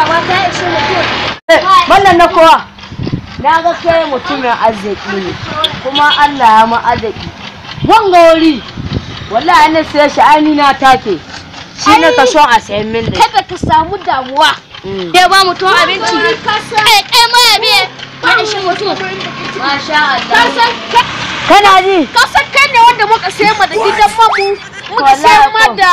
kulawa na kowa na ga mutumin arziki ne kuma Allah ya ma arziki wanga wuri wallahi na sai shi na take shi na ka a sayan min da kada ka samu damuwa ya mm. ba eh, eh, mutum abinci kai kai ma ya Allah kana ji kai ne wanda muka sayan ma da gidan mamu muka sayan ma da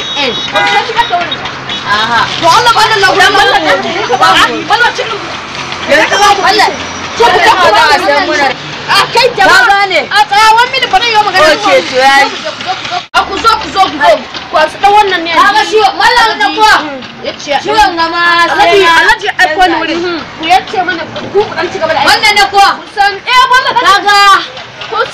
eh kuma wannan ne ku yace mana ku ku dan ci gaba da wannan ne kuwa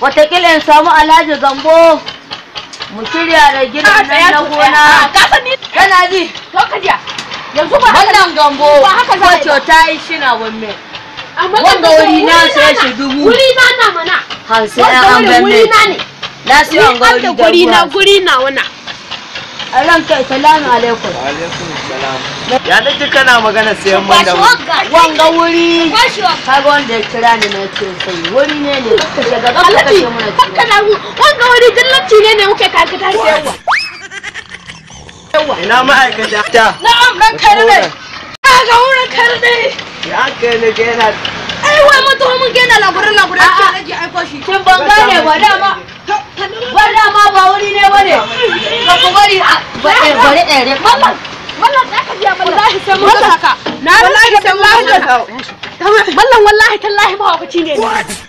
watakila in samu alhaji gambo mu shirya da gidan nan na gona ah, kana ji to ka ji yanzu ba wannan gambo ta yi shina wanne wanda wuri na sai shi dubu wuri na na mana eh, an ban ne na an gauri da wuri na guri na wana ranka salamu alaikum alaikum salam ya da duka na magana sayan man da wanga wuri kaga wanda ya kira ni na ce sai wuri ne ne ka shiga ka kashe mana kanka na wanga wuri dillanci ne ne muke karkata sayarwa ina ma'aikata ta na'am ran kai ne kaga wurin kai ne ya kai ne ga yana ai wai mutum mun gena lagurin lagurin ke rage aiko shi kin ban gane ba dama ba dama wallahi eh, eh, eh, wallahi wallahi wallahi wallahi wallahi wallahi ka wallahi wallahi wallahi wallahi wallahi wallahi wallahi wallahi tallahi wallahi wallahi mahaukaci ne